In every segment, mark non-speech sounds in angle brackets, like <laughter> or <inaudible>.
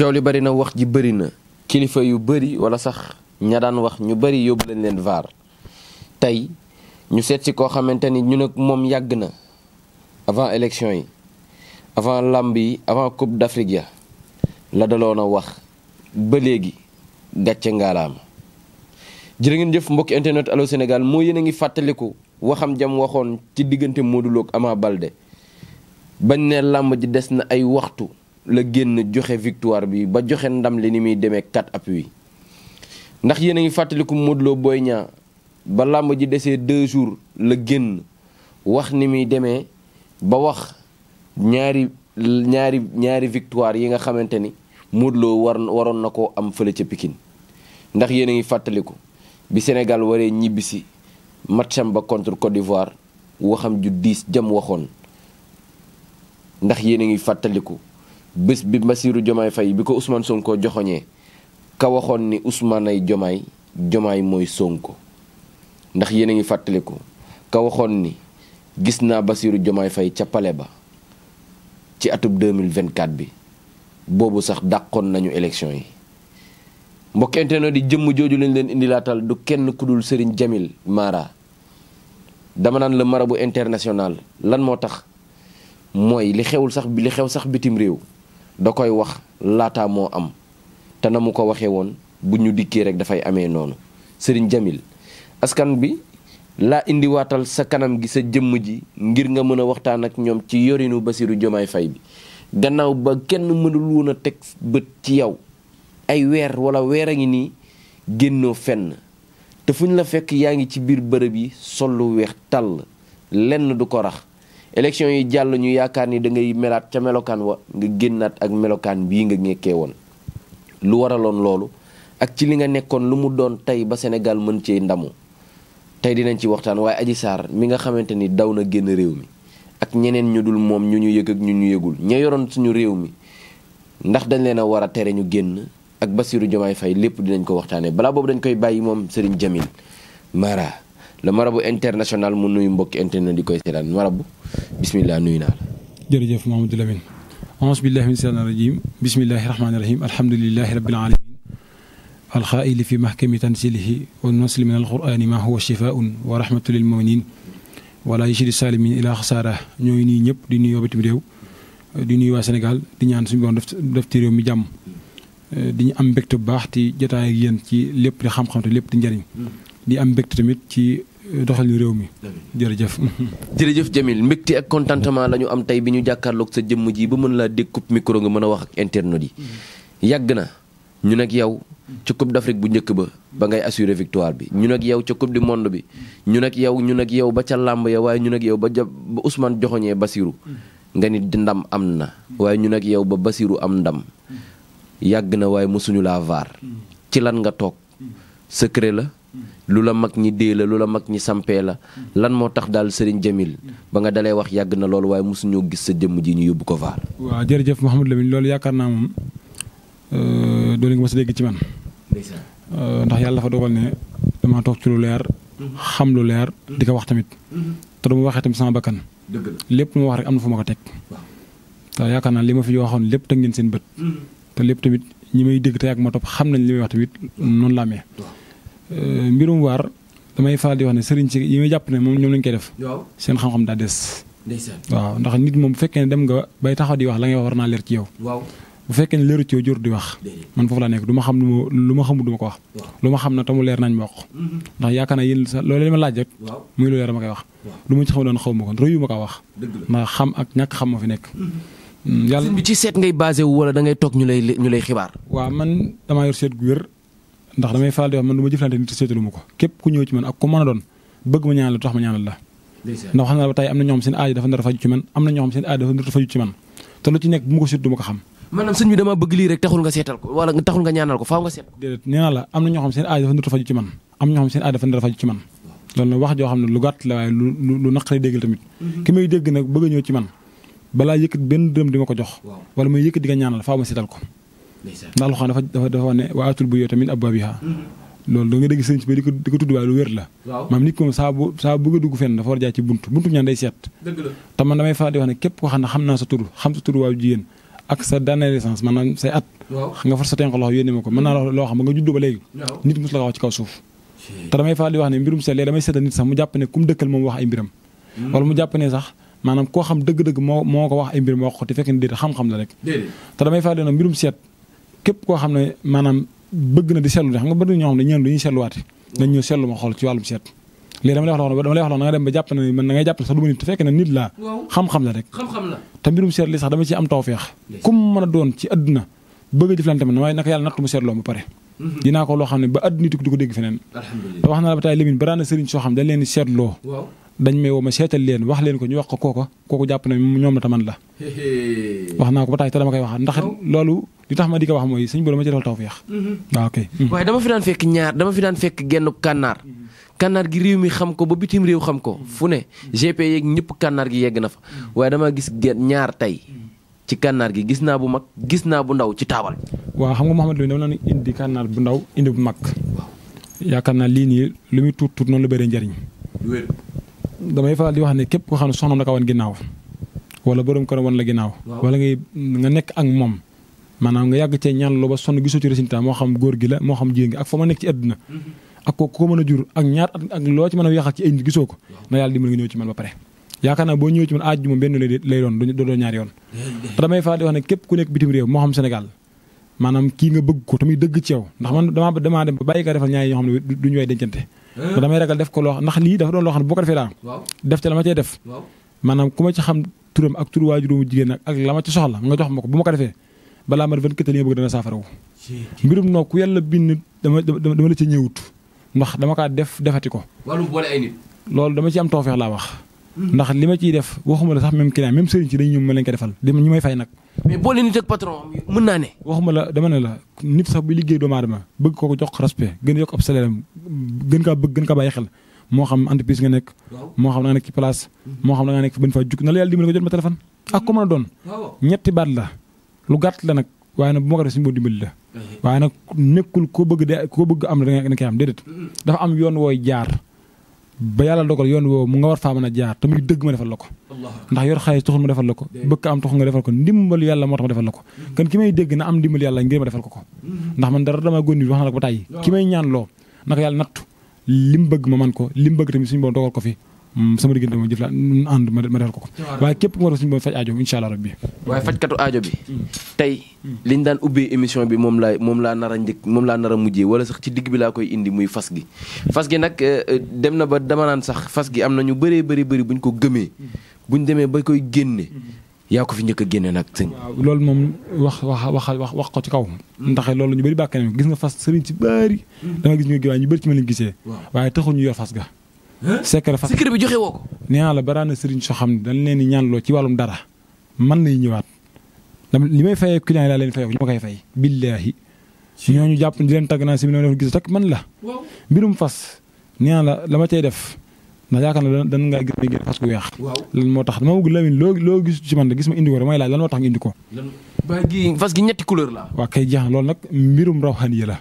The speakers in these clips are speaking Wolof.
coow li bari na wax ji bari na kilifa yu bari wala sax ña daan wax ñu bari yóbbu lañ leen vaar tey ñu seet koo xamante ni ñu nag moom yàgg na avant élection yi avant làmb yi avant coupe d'Afrique ya la daloon a wax ba léegi gàcce ngaalaam jërë ngeen jëf mbokki internet Allô Sénégal moo yéen a ngi fàttaliku waxam jam waxoon ci diggante Modou Lo ak Ama Baldé bañ ne làmb ji des na ay waxtu la génn joxe victoire bi ba joxe ndam li ni muy demee quatre appuis ndax yéen a ngi fàttaliku Modou Lo Boy Niang ba làmb ji desee deux jours la génn wax ni muy demee ba wax ñaari ñaari ñaari victoire yi nga xamante ni Modou Lo war waroon na koo am fële ca pikin ndax yéen a ngi fàttaliku bi Sénégal waree ñibbisi matcham ba contre Côte d'Ivoire waxam ju diis jam waxoon ndax yéen a ngi fàttaliku bés bi Bassirou Diomaye fay bi ko Ousmane Sonko joxoñee ka waxoon ni Ousmane ay Diomaye Diomaye mooy Sonko ndax yéen a ngi fàttaliku ka waxoon ni gis naa basiiru Diomaye fay ca pale ba ci atub 2024 bi boobu sax dàqoon nañu élection yi mbokkente no di jëmm jooju lañ leen indilaatal du kenn ku dul Serigne Jamil Mara dama naan la marabu international lan moo tax mooy li xewul sax li xew sax bitim réew da koy wax laataa moo am te na mu ko waxe woon bu ñu dikkee rek dafay amee noonu Serigne Jamil askan bi laa indiwaatal sa kanam gi sa jëmm ji ngir nga mën a waxtaan ak ñoom ci yorinu Bassirou Diomaye fay bi gannaaw ba kenn mënul woon a teg bët ci yow ay weer wala weer a ngi nii génnoo fenn te fu ñu la fekk yaa ngi ci biir bërëb yi sol lu weex tàll lenn du ko rax élection yi jàll ñu yaakaar ni da ngay melaat ca melokaan wa nga génnaat ak melokaan bii nga nekkee woon lu waraloon loolu ak ci li nga nekkoon lu mu doon tey ba senegal mën cee ndamu tey dinañ ci waxtaan waaye aji Sarr mi nga xamante ni daw na génn réew mi ak ñeneen ñu dul moom ñu ñu yëg ak ñu ñu yëgul ña yoroon suñu réew mi ndax dañ leen a war a tere ñu génn ak Bassirou Diomaye fay lépp dinañ ko waxtaanee balaa boobu dañ koy bàyyi moom Serigne Jamil Mara le marabu international mu nuyu mbokki internet di koy seetaan marabu bisimilah nuyu naa la. jërëjëf Mamadou Lamine. auzu billahi min seytaani rajim bismillahi rahmaani rahim alhamdulilahi rabbil alamin alxaaili fi mahkami tansilihi wa nasli min alqurani ma huwa shifaun wa rahmatu lil muminin wala yashidi salimin ila xasaara ñooy nuyu ñëpp di nuyu bitim réew di nuyu waa Sénégal di ñaan suñu borom def ci réew mi jàmm di am mbégte bu baax ti jotaay ak ci lépp di xam-xam te lépp di njëriñ di am mbégte tamit ci doxalin réew mi jërëjëf. jërëjëf Jamil mbégte ak contentement la ñu am tey bi ñu jàkkaarloog sa jëmm ji ba mën laa dékkup micro nga mën a wax ak internet yi. yàgg na ñu nag yow ci Coupe d'Afrique bu njëkk ba ba ngay assurer victoire bi ñu nag yow ca Coupe du monde bi ñu nag yow ñu nag yow ba ca làmb ya waaye ñu nag yow ba ja ba Ousmane joxoñee Basirou nga nit ndam am na waaye ñu nag yow ba Basirou am ndam yàgg na waaye mosuñu laa vaar ci lan nga toog secret la. lu la mag ñi dee la lu la mag ñi sampee la lan moo tax daal Serigne Jamil ba nga dalee wax yàgg na loolu waaye mosuñoo gis sa jëmm ji ñu yóbbu ko vaar. waa jërëjëf Mouhamadou Lamine loolu yaakaar naa moom euh, doo leen ko mos ci man. Euh, ndax yàlla dafa dogal ne ci lu leer. Mhm. xam lu leer mhm. di ko wax tamit. Mhm. te du ma waxee tamit sama bakkan. lépp lu ma wax rek am na fu ma ko teg. waaw yaakaar naa li ma fi waxoon lépp te ngeen seen bët. te lépp tamit ñi may dégg te ak ma topp xam nañ li may wax tamit noonu la amee. Euh, mbirum waar damay faral di wax ne sëriñ si yi ma jàpp ne moom ñoom lañ koy def. seen xam-xam daa des. waaw ndax nit moom bu fekkee ne dem nga bay taxaw di wax la ngay wax war naa leer ci yow. bu fekkee ne leeru ci jur di wax. man foofu laa nekk du ma xam lu ma xamul ma ko wax. lu ma xam na tamu leer nañ ma wax. Mm-hmm. ndax yaakaar sa loolu ma laaj rek. muy lu leer ma koy wax. lu ma ci xamul doon xaw ma ko rëyu ma ko wax. ndax xam ak ñàkk xam moo fi nekk. Mm-hmm. Mm, yàlla bi ci seet ngay basé wu wala da ngay toog ñu lay ñu lay xibaar. waaw man damaa yor seet gu wér ndax damay faal di man du jëflante nit seetalu ma ko képp ku ñëw ci man ak ku mën a doon bëgg ma ñaanal tax ma ñaanal la ndax xam naa ba tey am na ñoo seen aaj dafa nar a faju ci man am na ñoo xam seen aaj dafa nar a faju ci man te lu ci nekk bu a faju ci man am a faju ci man loolu nag wax joo xam ne lu gàtt la waaye lu lu naqari déggal tamit mhm. ki may dégg nag bëgg ñëw ci man balaa yëkkat benn dërëm di ma ko jox wala may yëkkat di nga ñaanal faaw ma seetal ko ndax alxuraan dafa dafa dafa wax ne wa atul buyuuta min abwaabihaa mm-hmm. loolu da nga dégg sëñ bi di di ko tudd waaye lu wér la maam nit ko saa bu saa bëgg a dafa war a ci bunt buntu ñaan day seet te man damay faral di wax ne képp ko xam ne xam naa sa tur xam sa tur waaw jigéen ak sa dernière licence maanaam say at nga damay faral di wax ne mbirum seet léegi damay seetal nit sax mu jàpp ne ku dëkkal moom wax ay mbiram mm-hmm. wala mu jàpp ne sax maanaam koo xam dëgg-dëgg moo moo ko wax ay mbiram képp koo xam ne maanaam bëgg na di seetlu xam nga bëri ñoo xam ne ñeen dañuy seetluwaate dañ ñëw seetlu ma xool ci wàllum seet léegi dama lay wax dama na ba la dama ci a doon ci mhm. loo xam ne ba àdduna tukki di ko dégg feneen te wax na la ba tey limin baraana sëriñ soo xam dañ leen seetloo dañ may woo ma seetal leen wax leen ko ñu wax ko kooka kooku jàpp na ñoom la taman la wax naa ko ba tax te dama koy waxaat ndax loolu li tax ma di ko wax mooy suñ borom ma ci defal tawfeex waaw mm-hmm. ah, mm-hmm. waaye dama fi daan fekk ñaar dama fi daan fekk genn kànnaar mm-hmm. kànnaar gi réew mi xam ko ba bitim réew xam ko fu ne gp yeeg ñëpp kànnaar gi yegg na fa waaye dama gis genn ñaar tey ci kànnaar gi gis naa bu mag gis naa bu ndaw ci taabal waaw xam nga Mouhamed Lamine dama naan indi kànnaar bu ndaw indi bu mag yaakaar naa lii nii lu muy tuut tuut noonu la bëree njariñ damay faral di wax ne képp koo xam ne soxnaam la ko wan ginnaaw wala borom ko wan la ginnaaw. wala ngay nga nekk ak moom. maanaam nga yàgg cee ñaan loo ba sonn gisoo ci résultat moo xam góor gi la moo mm-hmm. ak ko ko mën a jur ak ñaar at ak loo ci a yàqal ci ay nit gisoo ko. na yàlla dimbali nga ñëw man ba pare. yaakaar naa boo ñëwee ci man àjjuma benn lay doon doo doo ñaari yoon. te damay faral di wax ne képp ku nekk bitim réew moo xam Sénégal maanaam kii nga bëgg ko tamit dëgg ci yow ndax man damaa dem ba bàyyi ko defal ñaari ñoo xam ne duñu way te damay ragal def ko loo ndax lii dafa doon loo xam ne boo ko defee daal def te la ma cee def maanaam ku ma ci xam turam ak tur waajuróomu jigéen ak la ma ci soxla nga jox ma ko bu ma ko defee balaa ma vingt quatre li nga bëgg dana saafara wu mbirum noo ku yàlla bind dama dama la ci ñëwut ndax dama kaa def defati ko loolu dama ci am tawfeex laa wax ndax li ma ciy def waxuma la sax même client même sëriñ si dañ ñu ma leen ko defal li ñu may fay nag. mais boo leen nit ak patron mën naa ne. waxuma la dama ne la nit sax bu liggéey doomu aadama bëgg koo ko jox respect gën a yokk ab salaire gën kaa bëgg gën kaa bàyyi xel moo xam entreprise nga nekk. moo xam da nga nekk ci place. moo xam da nga nekk fi bañ faa jug na la yàlla dimbali ko jot ma téléphone. ak ko mën a doon. ñetti baat la lu gàtt la nag waaye nag bu ma ko def suñu boo dimbali la. waaye nag nekkul koo bëgg de koo bëgg am da am yoon wooy jaar ba yàlla dogal yoon woowu mu nga war faa mën a jaar te muy dëgg ma defal la ko ndax yor xaalis taxul ma defal la ko bëgg am taxul nga defal ko ndimbalu yàlla moo tax ma defal la ko mm-hmm. kon ki may dégg na am ndimbalu yàlla ngir defal ko ko mm-hmm. ndax man dara dama gónni wax na la ba tàyyi ki may ñaan loo naka yàlla nattu li mu bëgg ma man ko li bëgg tamit suñu borom dogal ko fi Mm, sama diggante moom jëf laa ànd ma ma defal ko ko waaye képp ku war a suñu borom faj aajo incha allah rabbi waaye fajkatu aajo bi mm. tey mm. liñ daan ubbee émission bi moom laay moom laa nar a njëkk moom laa nar a mujjee wala sax ci digg bi laa koy indi muy fas gi fas gi nag euh, euh, dem na ba dama naan sax fas gi am na ñu bëree bëri bëri buñ ko gëmee bu ñu demee ba koy génne yaa ko fi njëkk a génne nag sëñ waaw loolu moom wax wax wax wax ko ci kaw ndax loolu ñu bëri bàkkee gis nga fas sëriñ si bëri dama gis ñu giwaay ñu bëri ci ma lañ gisee waaye taxul ñu yor fas ga secret fa secret bi joxe woo ko. nee naa la baraana sëriñ soo xam ne dañ leen di ñaanloo ci wàllum dara man lay ñëwaat li may fayee client yi laa leen fayoo ñu ma koy fay. billaahi ñooñu jàpp leen tàgg naa si bi gis tak man la. mbirum fas nee la la ma def ndax yaakaar na dan ngaa gis ne fas gu weex. moo tax dama bëgg Lamine loo loo gis ci man gis ma indi ko damay laaj lan moo tax nga indi ko. ba gi fas gi ñetti couleur la. waaw kay jeex na loolu nag mbirum rawxaan yi la.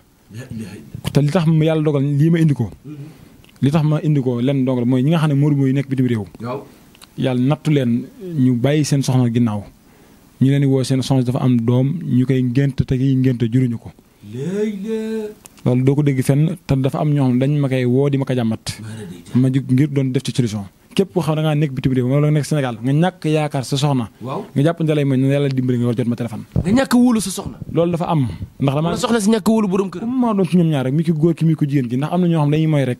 te li tax yàlla dogal lii ma indi ko hmm. li tax ma indi ko lenn dong la mooy ñi nga xam ne morbo yi nekk bitim réew. yàlla nattu leen ñu bàyyi seen soxna ginnaaw ñu leen di woo seen soxna dafa am doom ñu ko. loolu doo ko te dafa am ñoo xam dañ ma ko jàmmat. ma jug ngir doon def ci solution. képp koo xam nga ñàkk si ñàkk wóolu borom kër. comme maa doon ci ñaar rek mi ki góor ki mi ko jigéen ki ndax am na ñoo xam dañuy mooy rek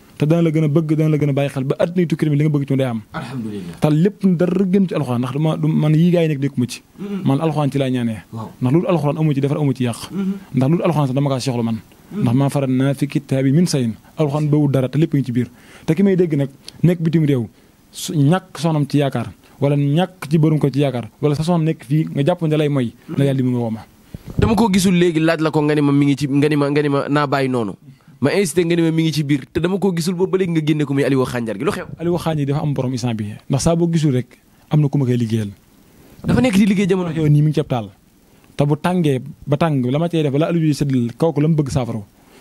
te dana la gën a bëgg dana la gën a bàyyi xel ba at nay tukki mi li nga bëgg ci day am alhamdulilah te lépp dara gën ci alxuraan ndax dama man yi gaa yi nekk dékkuma ci mm-hmm. man ndax loolu alxuraan amu ci defar amu ci yàq mm-hmm. ndax loolu alxuraan mm-hmm. faral naa fi kitaabi min sayin alxuraan bawul dara te lépp ngi ci biir te ki may dégg nag nekk bitim réew ñàkk soxnam ci yaakaar wala ñàkk ci bërum ko ci yaakaar wala sa soxna nekk fii nga jàpp ne lay moy na yàlla di mu nga woo dama ko gisul léegi laaj la ko nga ni ma mi ngi ci nga ni nga ni ma naa bàyyi noonu ma incité nga ne ma mi ngi ci biir te dama koo gisul boobu ba léegi nga génne ko muy Aliou Xànjar gi lu xew. Aliou Xànjar dafa am borom instant bi ndax saa boo gisul rek am na ku ma koy liggéeyal. dafa nekk di liggéey jamono yow nii mi ngi ci taal te bu tàngee ba tàng la ma cay def la Aliou di séddal kooku la mu bëgg saafara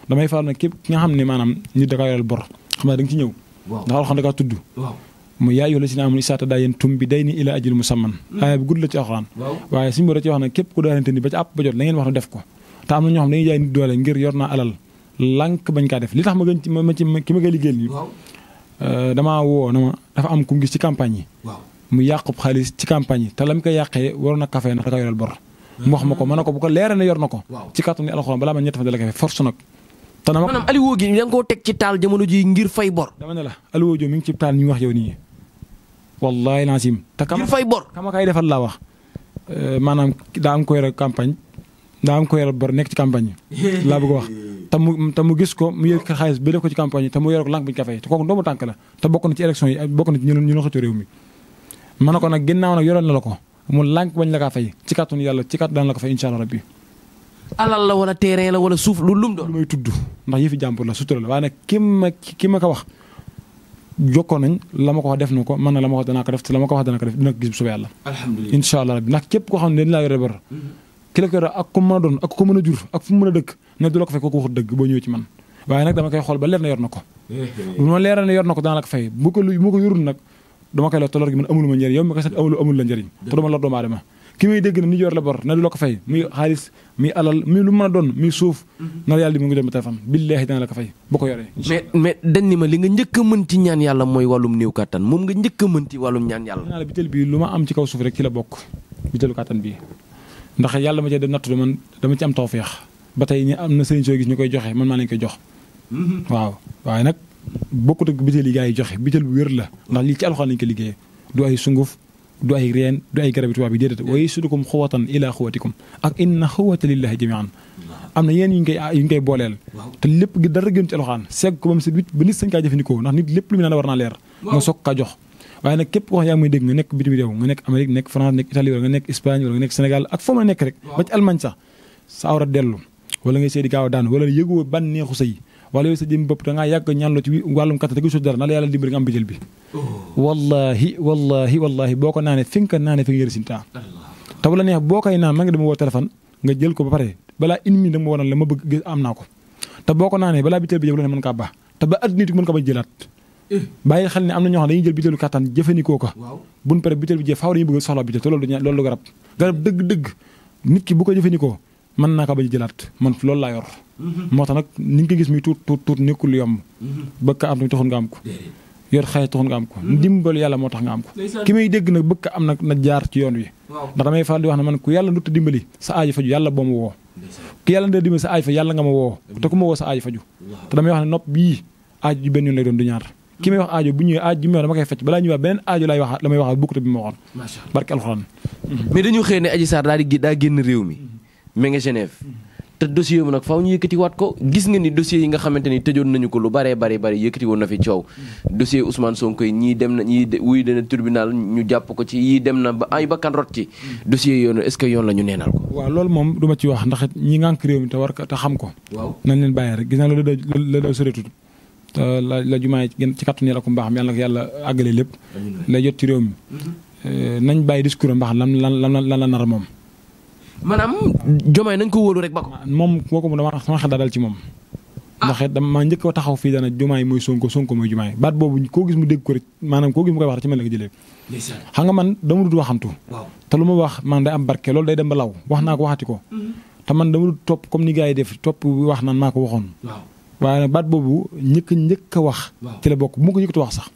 damay faral nag képp ki nga xam ne maanaam nit da ko yoreel bor xam naa da nga ci ñëw. waaw ndax alxam da kaa tudd. waaw mu yaay yoo la si ne amul isaata daa yéen tum bi day ni ila ajil musamman. Hmm. aaya bi gudd la ci alxuraan. waaye suñu borom ci wax nag képp ku daanante ni ba ci àpp ba jot la ngeen wax ne def ko te am na ñoo xam dañuy jaay nit doole ngir yor naa alal lànk bañ kaa def li tax ma gën ci ma ki ma koy liggéeyal nii. Euh, damaa woo na ma dafa am ku mu gis ci campagne yi. mu yàqub xaalis ci campagne yi te la mu koy yàqee waroon na kafe ndax da ko bor. mu wax ma ko ma ne ko bu ko leeree ne yor na ko. ci kàttu ni alxuraan balaa ma ñett fa da nga ji ngir fay bor. dama ne la Aliou Diop mi ngi ci taal ñu wax yow nii wallaahi laasim. te kam ngir kay defal laa wax. Euh, maanaam daa am ko yore campagne daa am ko yore bor nekk ci campagne <laughs> laa bëgg wax te mu mu gis ko mu yëg xaalis bi def ko ci campagne yi te mu yor ko lànk bu ñu ko fay te kooku doomu tànk la te bokk na ci élection yi bokk na ci ñu ñu na la ko mu lànk bañ la kaa ci kàttanu yàlla ci kàttan daan la ko fay insha allah rabbi alal la wala terrain la wala suuf lu lum doon lu tudd ndax yëfi jàmbur la sutura la waaye nag ki ma ki ma ko wax ma ko wax def na ko man na la ma ko wax danaa ko def te la ma ko wax danaa ko def dina ko gis bu soobee yàlla alhamdulilah insha allah rabbi ndax képp koo xam ne dañ laa yore bor mm-hmm. ki la koy ak ku mën a doon ak ku mën a jur ak fu mu mën a dëkk ne du la ko fay kooku wax dëgg boo ñëwee ci man waaye nag dama koy xool ba leer na yor na ko bu eh, eh. ma ko dana la ko fay bu ko bu ko yorul nag dama koy la njëriñ te dama lor doomu aadama ki may dégg ne a mm-hmm. mu ngi doon ba téléphone billaahi dana la ko ko yoree mais mais dañ ni ma li nga njëkk a mën ci ñaan yàlla mooy wàllum néew kàttan moom nga njëkk a mën ci wàllum ñaan yàlla naa la bitel bii lu ma am ci kaw suuf rek ci la bokk bitelu kàttan bii ndax yàlla ma cee dem nattu man dama ci am tawféex ba tey ñi am na sëriñ soo gis ñu koy joxe man maa leen ko jox mm-hmm. waaw waaye nag bokkut ak bitéel yi gaa yi joxe bitéel bu wér la ndax lii ci alxuraan lañ ko liggéeyee du ay sunguf du ay reen du ay garabi tubaab yi déedéet wa yasudukum xuwatan ila xuwatikum ak in na lillahi jamian am na yéen yu ñu koy yu ñu koy booleel te lépp gi dara gën ci alxuraan seeg ko ba mu set wicc ba nit sañ kaa jëfandikoo ndax nit lépp war naa leer soog kaa jox waaye nag képp koo xam yaa ngi may nga nekk bitim réew nga nekk Amérique nekk France nekk Italie wala nga nekk Espagne wala nga nekk Sénégal ak foo mën nekk rek ba ci Allemagne sax sa awra dellu wala ngay sëy gaaw a daanu wala yëgoo ban neexu sëy wala yow sa jëm bopp da yàgg ñaan loo ci wàllum kattan da ngay la yàlla dimbali nga am bijël bi oh. wallahi wallahi boo ko naanee fi nga ko naanee fi nga résultat te wala neex boo koy naan ma nga dem woo téléphone nga jël ko ba pare balaa une minute da ma waral la am naa ko te boo ko naanee balaa bi teel bi jëm lu ne mën kaa bàyyi xel ne am na ñoo xam dañuy jël butéelu kattan jëfandikoo ko buñ pare butéel bi jeex faaw dañuy bëgg soxla butéel te loolu du loolu du garab garab dëgg-dëgg nit ki bu ko jëfandikoo mën naa ko bañ a jëlaat man loolu laa yor mhm. moo tax nag ni nga ko gis muy tuut tuut tuut nekkul yomb mhm. bëgg ka am tamit taxul nga am ko yor xaye taxul nga am ko mhm. ndimbal yàlla moo tax nga am ko ki may dégg na bëgg am na jaar ci yoon wi ndax damay faral di wax ne man ku yàlla ndutta dimbali sa aaji faju yàlla boo sa aaji faju yàlla nga ma woo te ku ma sa aaji faju te damay wax ne nopp bii aaji ju benn du ñaar ki may wax aajo bu ñëwee aajo bi ma dama koy fecc balaa ñuy wax beneen aajo laay wax la may waxaat bokkut bi ma waxoon. macha allah barke alxuraan. Mm-hmm. mais dañu xëy ne Adji di génn réew mi. mais mm-hmm. nga mm-hmm. te dossier mu nag faaw gis nga ni dossier yi nga xamante ni tëjoon nañu ko lu baree baree bari yëkkati woon na fi coow dossier ñii dem na ñii wuy dana tribunal ñu jàpp ko ci yii dem na ba ay bakkan rot ci dossier yoon est-ce que yoon la ñu neenal ko waaw loolu moom du ma ci wax ndax ñi ngànk réew mi te war ko te xam ko waaw nañ leen bàyyi rek gis naa la daw soreetut la la jumaa yi ci kàttu ni la ko mbaaxam yàlla na ko yàlla àggale lépp lay jot ci réew mi mm-hmm. eh, nañ bàyyi discours mbaax lan lan lan la nar a moom maanaam jomaay nañ ko wóolu rek ba ko moom koo ko mu dama sama xel daal ci moom ah. ndax dama njëkk a taxaw fii dana jumaay mooy sonko sonko mooy jumaay baat boobu koo gis mu dégg ko rek maanaam koo gis mu koy wax ci man la ko xam nga man dama dut waxamtu te lu ma wax man day am barke loolu day dem ba law wax naa ko waxati ko mm-hmm. te man dama comme ni gars yi def topp wax naan maa ko waxoon waaye baat boobu ñëkk njëkk wax. ci la bokk mu ko yëkkatu wax sax.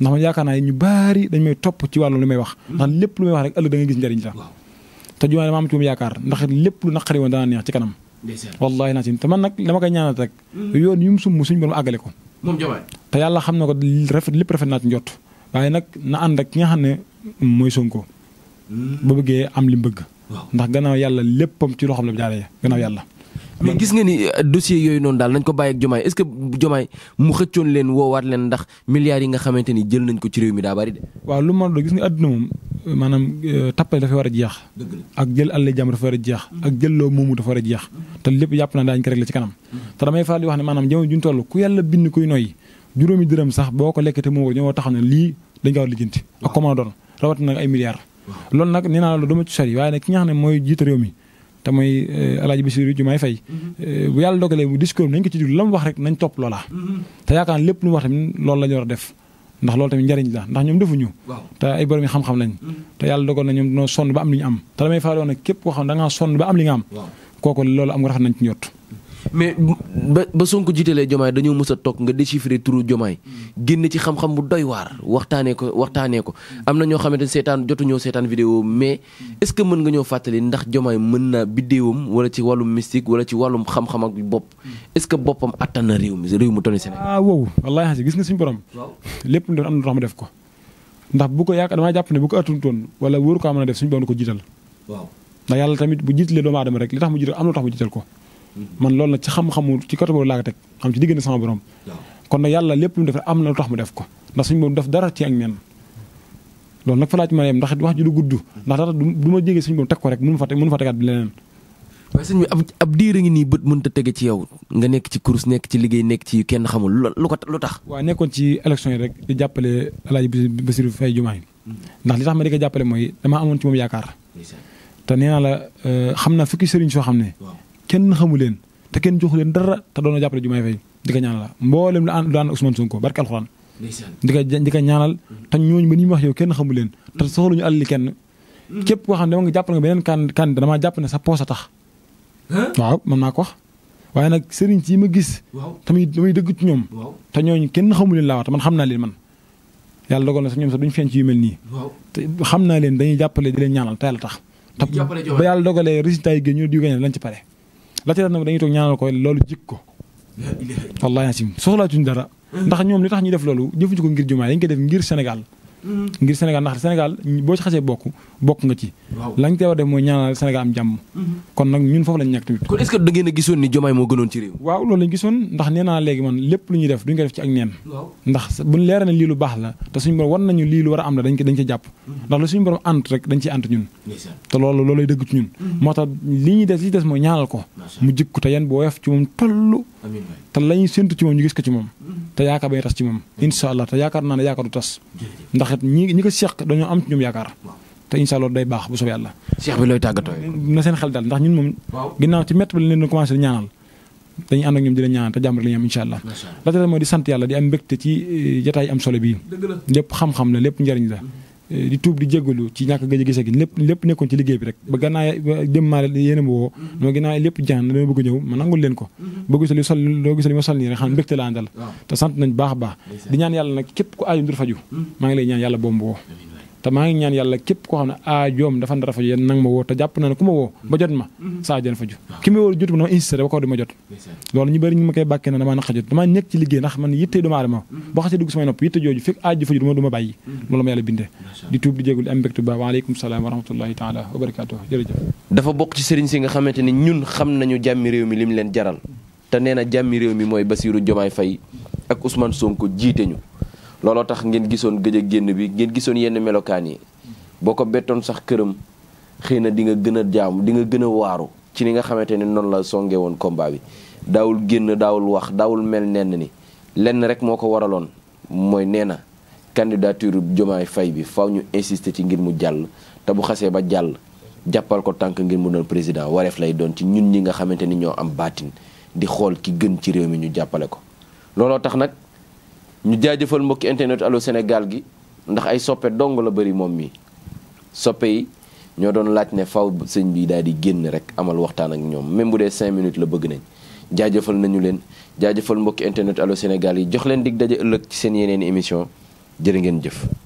ndax man yaakaar naa ñu baari dañ may topp ci wàllu li may wax. Hmm. ndax lépp lu may wax rek ëllëg da gis njëriñ la. te jumaa dama am ci yaakaar ndax lépp lu naqari woon dana neex ci kanam. wallahi naa si te man nag dama koy ñaanal rek. Hmm. yoon yu mu suñ suñu borom àggale ko. moom Diomaye te yàlla xam na ko rafet lépp rafet naa ci njott. waaye nag na ànd ak ki nga xam ne mooy Sonko. Hmm. ba bëggee am li mu bëgg. ndax gannaaw yàlla léppam ci loxoom la jaaree gannaaw yàlla mais gis nga ni euh, dossier yooyu noonu daal nañ ko bàyyi ak Jomaay est-ce que Jomaay mu xëccoon leen woowaat leen ndax milliards yi nga xamante ni jël nañ ko ci réew mi daa bari de. waaw lu ma euh, maanaam euh, tappale dafa war a jeex. ak jël àll jàmm dafa war a jeex. ak jël loo moomu dafa war a jeex. te lépp yàpp naa daañu ko réglé ci kanam. te damay faral di wax ne maanaam toll ku yàlla bind kuy noyyi juróomi dërëm sax boo ko lekkee te mu wóor ñoo ne lii dañ ko war a lijjanti. ak comment doon rawatina ay milliards. loolu nag nee naa loolu dama ci sori waaye nag ki nga xam ne mooy jiita réew mi te mooy euh, alaaji Bassirou Diomaye Faye mm-hmm. euh, bu yàlla dogalee mu discours nañ ko ci déglu la mu wax rek nañ topp loola mm-hmm. te yaakaar lépp lu mu wax tamit loolu la ñu war a def ndax loolu tamit njariñ la ndax ñoom defuñu te ay borom yi xam-xam lañ mm-hmm. te yàlla dogal na ñoom dañoo sonn ba am li ñu am te damay faral woon nag képp ko xam da ngaa sonn ba am li nga am kooku loolu am nga rafet nañ ci ñott mais ba ba Sonko jiitalee Jomaay dañoo mës a toog nga déchiffrer turu Jomaay génn ci xam-xam bu doy waar waxtaanee ko waxtaanee ko am na ñoo xamante ne seetaan jotu ñoo seetaan vidéo mais est-ce que mën nga ñoo fàttali ndax Jomaay mën na biddéewam wala ci wàllum mystique wala ci wàllum xam-xam ak bopp est-ce que boppam attan na réew mi réew mu toni Sénégal. ah wow wallaahi gis nga suñu borom. waaw lépp lu doon am na xam def ko ndax bu ko yaakaar damaa jàpp ne bu ko attuntoon wala wóoru ko a def suñu borom ko jiital. waaw tamit bu jiitalee doomu aadama rek li tax mu jiital am na tax mu ko man loolu nag ci xam-xamu ci côté boobu laa ko teg xam ci diggante sama borom. kon nag yàlla lépp lu mu def am na lu tax mu def ko ndax suñu boobu def dara ci ak nen. na nag fa laa ci wax ji du gudd ndax dara du ma jégee suñu boobu teg ko rek mënu fa mënu fa tegaat bi leneen. waaye sëñ ngi nii bët mënut a tege ci yow nga nekk ci course nekk ci liggéey nekk ci kenn xamul lu ko lu tax. waaw nekkoon ci élection yi rek di jàppale El Hadj Bassirou Faye Diomaye ndax li tax ma di ko jàppale mooy dama amoon ci moom yaakaar. te nee naa la euh, xam naa fukki sëriñ soo xam ne. kenn xamu leen te kenn joxu leen dara te doon na jàppale Diomaye Faye di ko ñaanal mboolem lu ànd lu ànd Ousmane Sonko barke alxuraan di ko di ko ñaanal te ñooñu ba ni mu wax yow kenn xamu leen te mm. soxluñu àlli kenn mm. képp xam ne dama nga jàppal nga beneen kan kan damaa ne sa poos a waaw mën naa ko wax waaye nag sëriñ si ma gis tamit damay dëgg ci ñoom te ñooñu kenn xamu leen laa wax te man xam naa leen man yàlla dogal na sax ñoom sax duñ feeñ ci yu mel nii te xam naa leen dañuy jàppale di leen ñaanal te yàlla tax te ba yàlla dogalee résultat génn ñu di ko ñaan lañ ci pare la ca nag dañuy toog ñaanal ko loolu jik ko wallaahi asim soxlaatuñ dara ndax ñoom li tax ñu def loolu jëfuñu ko ngir jumaa dañ ko def ngir Sénégal ngir Sénégal ndax Sénégal boo ci xasee bokk bokk nga ci. lañ tee war def mooy ñaanal Sénégal am jàmm. Mhm. kon nag ñun foofu lañ a gisoon ndax nee léegi man lépp lu ñuy def duñ ko def ci ak neen. ndax buñ leera ne lii lu baax la te suñu borom war nañu lii lu war a am la dañ ko dañ ci jàpp. Mhm. ndax lu suñu borom ànd rek dañ ciy ànd ñun. te loolu loolay dëgg ci ñun. Mhm. moo tax li ñuy des li des mooy ñaanal ko mu jikku te yan boo woyof ci moom tollu te lañuy séntu ci moom ñu gis ko ci moom te yaakaar bay tas ci moom incha allah te yaakaar naa yaakaar du tas ndax ñi ko seq dañoo am ci ñoom yaakaar te incha allah ba leen doon commencé dañuy ànd ak ñoom di ñaanal te jàmm rek la ñu am incha allah la mooy di sant yàlla di am mbégte ci eh, jataay am solo bii lépp xam-xam la lépp njëriñ la mm-hmm. Eh, di tuub di jégalu ci ñàkk gëj a gise gi lépp lépp nekkoon ci liggéey bi rek ba gannaaw dem maa yéen a ma woo dama mm-hmm. gannaaw lépp jaan dama bëgg ñëw ma nangul leen ko mm-hmm. boo gisee li sal loo gisee li ma sol nii rek xam mbégte laa àndal te sant nañ baax baax di ñaan yàlla nag képp ku aaju ndur faju mm-hmm. maa ngi lay ñaan yàlla boom woo te maa ngi ñaan yàlla képp koo xam ne aajoom ah, dafa ndara faju yéen nang ma woo te jàpp na ne ku ma woo ba jot ma mm-hmm. saa jën faju ah. ki ma woo jot ma dama insisté ba kaw di ma jot loolu ñu bëri ñu ma koy bàkkee na damaa naqa jot damaa nekk ci liggéey ndax man yitte doomu aadama mm-hmm. boo xasee dugg samay nopp yitte jooju fekk aaju faju du ma bàyyi mm-hmm. loolu ma yàlla bindee di tuub di jégul am mbégte ba waaleykum salaam wa rahmatullahi taala dafa bokk mi lim leen jaral te nee na jàmmi réew looloo tax ngeen gisoon gëj génn bi ngeen gisoon yenn melokaan yi boo ko bettoon sax këram xëy na di nga gën a jaam di nga gën a waaru ci ni nga xamante ne noonu la songe woon combat bi daawul génn daawul wax daawul mel nenn ni lenn rek moo ko waraloon mooy nee na candidature Diomaye Faye bi faw ñu insister ci ngir mu jàll te bu xasee ba jàll jàppal ko tànk ngir mu doon président wareef lay doon ci ñun ñi nga xamante ni ñoo am baatin di xool ki gën ci réew mi ñu jàppale ko ñu jaajëfal mbokki internet Allô Sénégal gi ndax ay soppe dong la bëri moom mi soppe yi ñoo doon laaj ne faw sëñ bi daal di génn rek amal waxtaan ak ñoom même bu dee 5 minutes la bëgg nañ jaajëfal nañu leen jaajëfal mbokki internet Allô Sénégal yi jox leen dig daje ëllëg ci seen yeneen émission jërë ngeen jëf